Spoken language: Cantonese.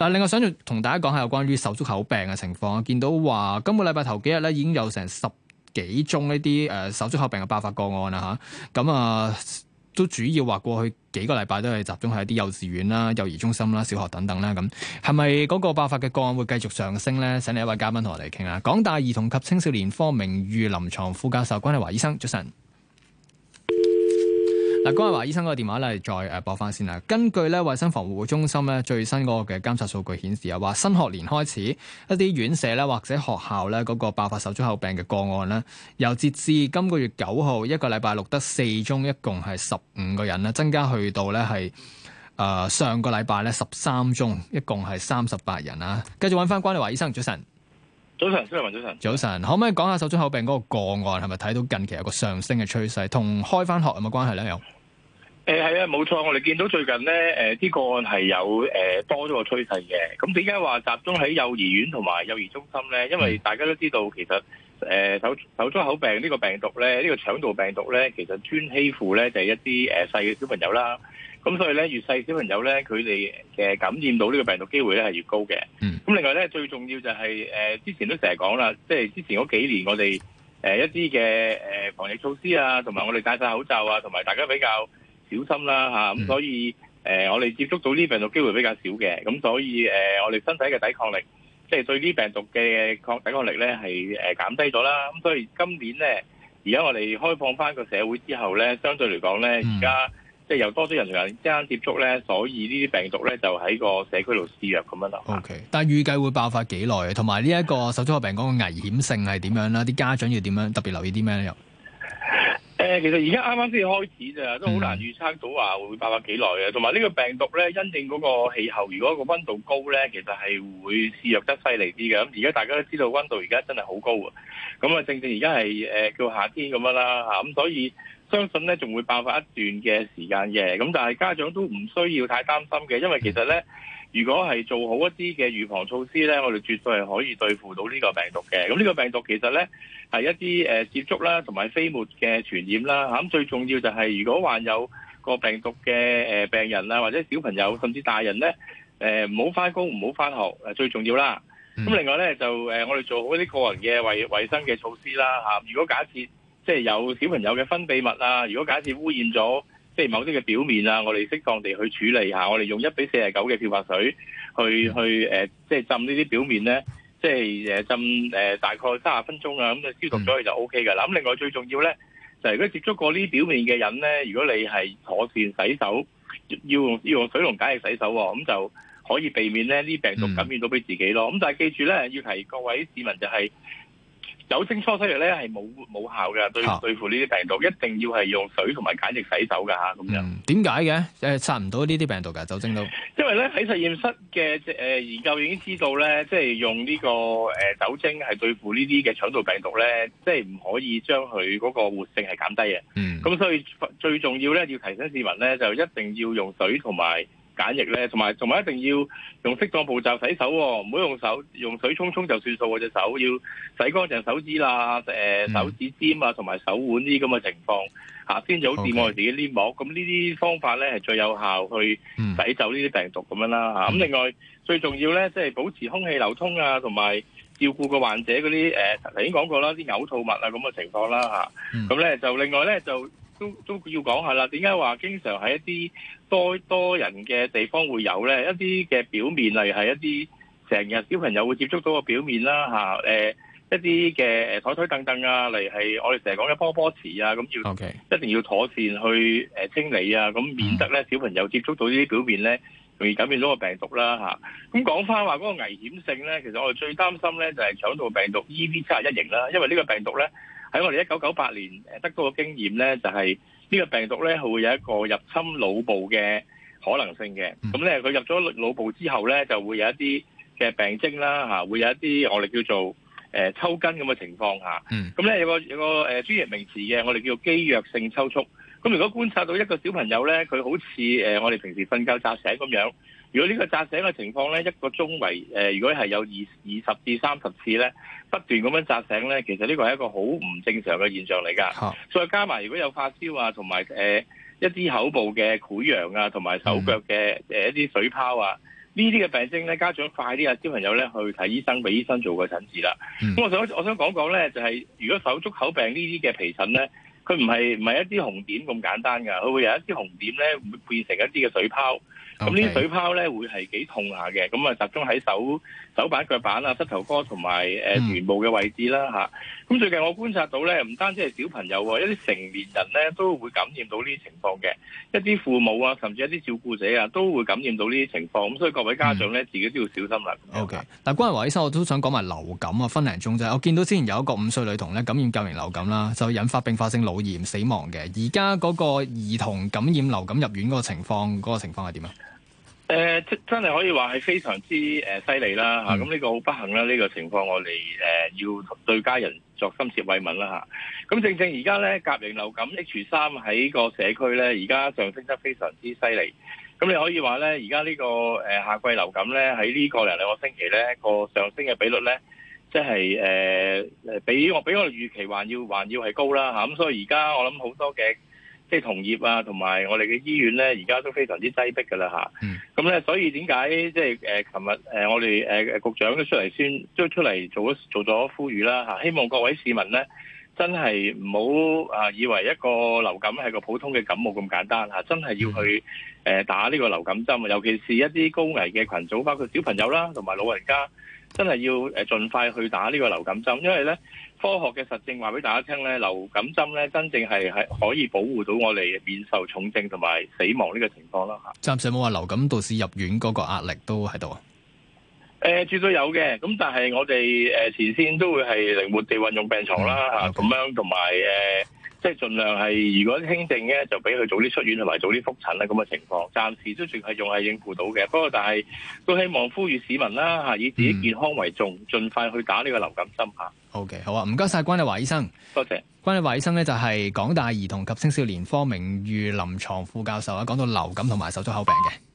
但另外想住同大家講下有關於手足口病嘅情況，見到話今個禮拜頭幾日咧已經有成十幾宗呢啲誒手足口病嘅爆發個案啦吓，咁啊都主要話過去幾個禮拜都係集中喺一啲幼稚園啦、幼兒中心啦、小學等等啦，咁係咪嗰個爆發嘅個案會繼續上升咧？請嚟一位嘉賓同我哋傾下，港大兒童及青少年科名譽臨床副教授關日華醫生，早晨。嗱，關日華醫生個電話咧，再誒播翻先啦。根據咧衛生防護中心咧最新嗰個嘅監察數據顯示啊，話新學年開始，一啲院舍咧或者學校咧嗰個爆發手足口病嘅個案咧，由截至今個月九號一個禮拜錄得四宗，一共係十五個人啦，增加去到咧係誒上個禮拜咧十三宗，一共係三十八人啦。繼續揾翻關日華醫生，早晨。早晨，孫立文早晨。早晨，早晨，可唔可以講下手足口病嗰個個案係咪睇到近期有個上升嘅趨勢，同開翻學有冇關係咧？有、嗯？誒，係啊，冇錯，我哋見到最近咧，誒，啲個案係有誒多咗個趨勢嘅。咁點解話集中喺幼兒園同埋幼兒中心咧？因為大家都知道其實。誒、呃、手手足口病呢個病毒咧，呢、這個腸道病毒咧，其實專欺負咧就係、是、一啲誒、呃、細嘅小朋友啦。咁所以咧，越細小朋友咧，佢哋嘅感染到呢個病毒機會咧係越高嘅。嗯。咁另外咧，最重要就係誒之前都成日講啦，即係之前嗰幾年我哋誒、呃、一啲嘅誒防疫措施啊，同埋我哋戴晒口罩啊，同埋大家比較小心啦嚇。咁、啊嗯、所以誒、呃，我哋接觸到呢個病毒機會比較少嘅。咁所以誒，我、呃、哋、呃、身體嘅抵抗力。即係對呢病毒嘅抗抵抗力咧係誒減低咗啦，咁所以今年咧，而家我哋開放翻個社會之後咧，相對嚟講咧，而家即係又多咗人同人之間接觸咧，所以呢啲病毒咧就喺個社區度肆虐咁樣啦。Okay，但係預計會爆發幾耐？同埋呢一個手足口病嗰個危險性係點樣啦？啲家長要點樣特別留意啲咩又？誒，其實而家啱啱先開始咋，都好難預測到話會爆發幾耐嘅。同埋呢個病毒咧，因應嗰個氣候，如果個溫度高咧，其實係會衰弱得犀利啲嘅。咁而家大家都知道溫度而家真係好高啊，咁啊正正而家係誒叫夏天咁樣啦吓，咁所以相信咧仲會爆發一段嘅時間嘅。咁但係家長都唔需要太擔心嘅，因為其實咧。如果係做好一啲嘅預防措施咧，我哋絕對係可以對付到呢個病毒嘅。咁呢個病毒其實咧係一啲誒、呃、接觸啦，同埋飛沫嘅傳染啦嚇。咁、啊、最重要就係如果患有個病毒嘅誒、呃、病人啊，或者小朋友甚至大人咧誒唔好返工，唔好返學誒最重要啦。咁、mm. 另外咧就誒、呃、我哋做好一啲個人嘅衞衞生嘅措施啦嚇、啊。如果假設即係有小朋友嘅分泌物啊，如果假設污染咗。即係某啲嘅表面啊，我哋適當地去處理下，我哋用一比四十九嘅漂白水去去誒，即係浸呢啲表面咧，即係誒浸誒大概三十分鐘啊，咁就消毒咗佢就 OK 㗎喇。咁另外最重要咧，就係如果接觸過呢表面嘅人咧，如果你係妥善洗手，要用要用水龍解液洗手喎，咁就可以避免咧呢病毒感染到俾自己咯。咁但係記住咧，要提各位市民就係，酒精搓手液咧係冇冇效嘅，對、啊、對付呢啲病毒，一定要係用水同埋梘液洗手噶嚇咁樣。點解嘅？誒、嗯呃、殺唔到呢啲病毒㗎？酒精都因為咧喺實驗室嘅誒、呃、研究已經知道咧，即係用呢、呢個誒、呃、酒精係對付呢啲嘅腸道病毒咧，即係唔可以將佢嗰個活性係減低嘅。嗯，咁所以最重要咧，要提醒市民咧，就一定要用水同埋。簡譯咧，同埋同埋一定要用適當步驟洗手，啊，唔好用手用水沖沖就算數喎。隻手要洗乾淨手指啦，啊，誒、呃、手指尖啊，同埋手腕啲咁嘅情況嚇，先、啊、至好掂自我自己黏膜。咁呢啲方法咧係最有效去洗走呢啲病毒咁樣啦嚇。咁、嗯嗯、另外最重要咧，即、就、係、是、保持空氣流通啊，同埋照顧個患者嗰啲誒，頭先講過啦，啲嘔吐物啊咁嘅情況啦嚇。咁咧就另外咧就。都都要講下啦，點解話經常喺一啲多多人嘅地方會有咧？一啲嘅表面例如係一啲成日小朋友會接觸到嘅表面啦，嚇誒一啲嘅台台凳凳啊，例如係我哋成日講嘅波波池啊，咁要一定要妥善去誒清理啊，咁免得咧小朋友接觸到呢啲表面咧，容易感染到個病毒啦，嚇。咁講返話嗰個危險性咧，其實我哋最擔心咧就係腸道病毒 EV 七十一型啦，因為呢個病毒咧。喺我哋一九九八年誒得到嘅經驗咧，就係、是、呢個病毒咧，係會有一個入侵腦部嘅可能性嘅。咁咧、嗯，佢入咗腦部之後咧，就會有一啲嘅病徵啦嚇，會有一啲我哋叫做誒抽筋咁嘅情況嚇。咁咧、嗯、有個有個誒專業名詞嘅，我哋叫做肌弱性抽搐。咁如果觀察到一個小朋友咧，佢好似誒、呃、我哋平時瞓覺扎醒咁樣。如果呢個扎醒嘅情況咧，一個鐘為誒、呃，如果係有二二十至三十次咧，不斷咁樣扎醒咧，其實呢個係一個好唔正常嘅現象嚟㗎。啊、再加埋如果有發燒啊，同埋誒一啲口部嘅潰瘍啊，同埋手腳嘅誒、呃、一啲水泡啊，嗯、呢啲嘅病徵咧，家長快啲啊，小朋友咧去睇醫生，俾醫生做個診治啦。咁、嗯、我想我想講講咧，就係、是、如果手足口病呢啲嘅皮疹咧，佢唔係唔係一啲紅點咁簡單㗎，佢會有一啲紅點咧，會變成一啲嘅水泡。咁呢啲水泡咧會係幾痛下嘅，咁啊集中喺手手板、腳板啊、膝頭哥同埋誒臀部嘅位置啦嚇。咁最近我觀察到咧，唔單止係小朋友喎，一啲成年人咧都會感染到呢啲情況嘅，一啲父母啊，甚至一啲照顧者啊都會感染到呢啲情況。咁所以各位家長咧，自己都要小心啦。OK，嗱，關日華醫生，我都想講埋流感啊，分零鐘啫。我見到之前有一個五歲女童咧，感染甲型流感啦，就引發併發性腦炎死亡嘅。而家嗰個兒童感染流感入院嗰個情況，嗰個情況係點啊？誒、呃，真真係可以話係非常之誒犀利啦嚇，咁、呃、呢、嗯啊呢個好不幸啦，呢、呢個情況我哋誒、呃、要對家人作深切慰問啦嚇。咁、啊、正正而家咧，甲型流感 H 三喺個社區咧，而家上升得非常之犀利。咁你可以話咧，而家呢個誒夏、呃、季流感咧，喺呢個零兩個星期咧，個上升嘅比率咧，即係誒誒比我比我預期還要還要係高啦嚇。咁、啊、所以而家我諗好多嘅。即係同業啊，同埋我哋嘅醫院咧，而家都非常之擠逼㗎啦吓，咁、啊、咧、 嗯，所以點解即係誒，琴、就是呃、日誒、呃，我哋誒、呃、局長都出嚟先，都出嚟做咗做咗呼籲啦吓、啊。希望各位市民咧，真係唔好啊，以為一個流感係個普通嘅感冒咁簡單吓、啊，真係要去誒、呃、打呢個流感針啊。尤其是一啲高危嘅群組，包括小朋友啦，同埋老人家。真係要誒盡快去打呢個流感針，因為咧科學嘅實證話俾大家聽咧，流感針咧真正係係可以保護到我哋免受重症同埋死亡呢個情況啦吓。暫時冇話流感導致入院嗰個壓力都喺度啊。誒、呃，絕對有嘅，咁但係我哋誒、呃、前綫都會係靈活地運用病床啦吓，咁、嗯 okay. 樣同埋誒。即係盡量係，如果輕症嘅就俾佢早啲出院同埋早啲複診啦，咁嘅情況，暫時都仲係仲係應付到嘅。不過但係都希望呼籲市民啦、啊，吓以自己健康為重，盡快去打呢個流感針吓。O、okay, K，好啊，唔該晒關日華醫生，多謝，謝關日華醫生咧，就係港大兒童及青少年科名譽臨床副教授啊，講到流感同埋手足口病嘅。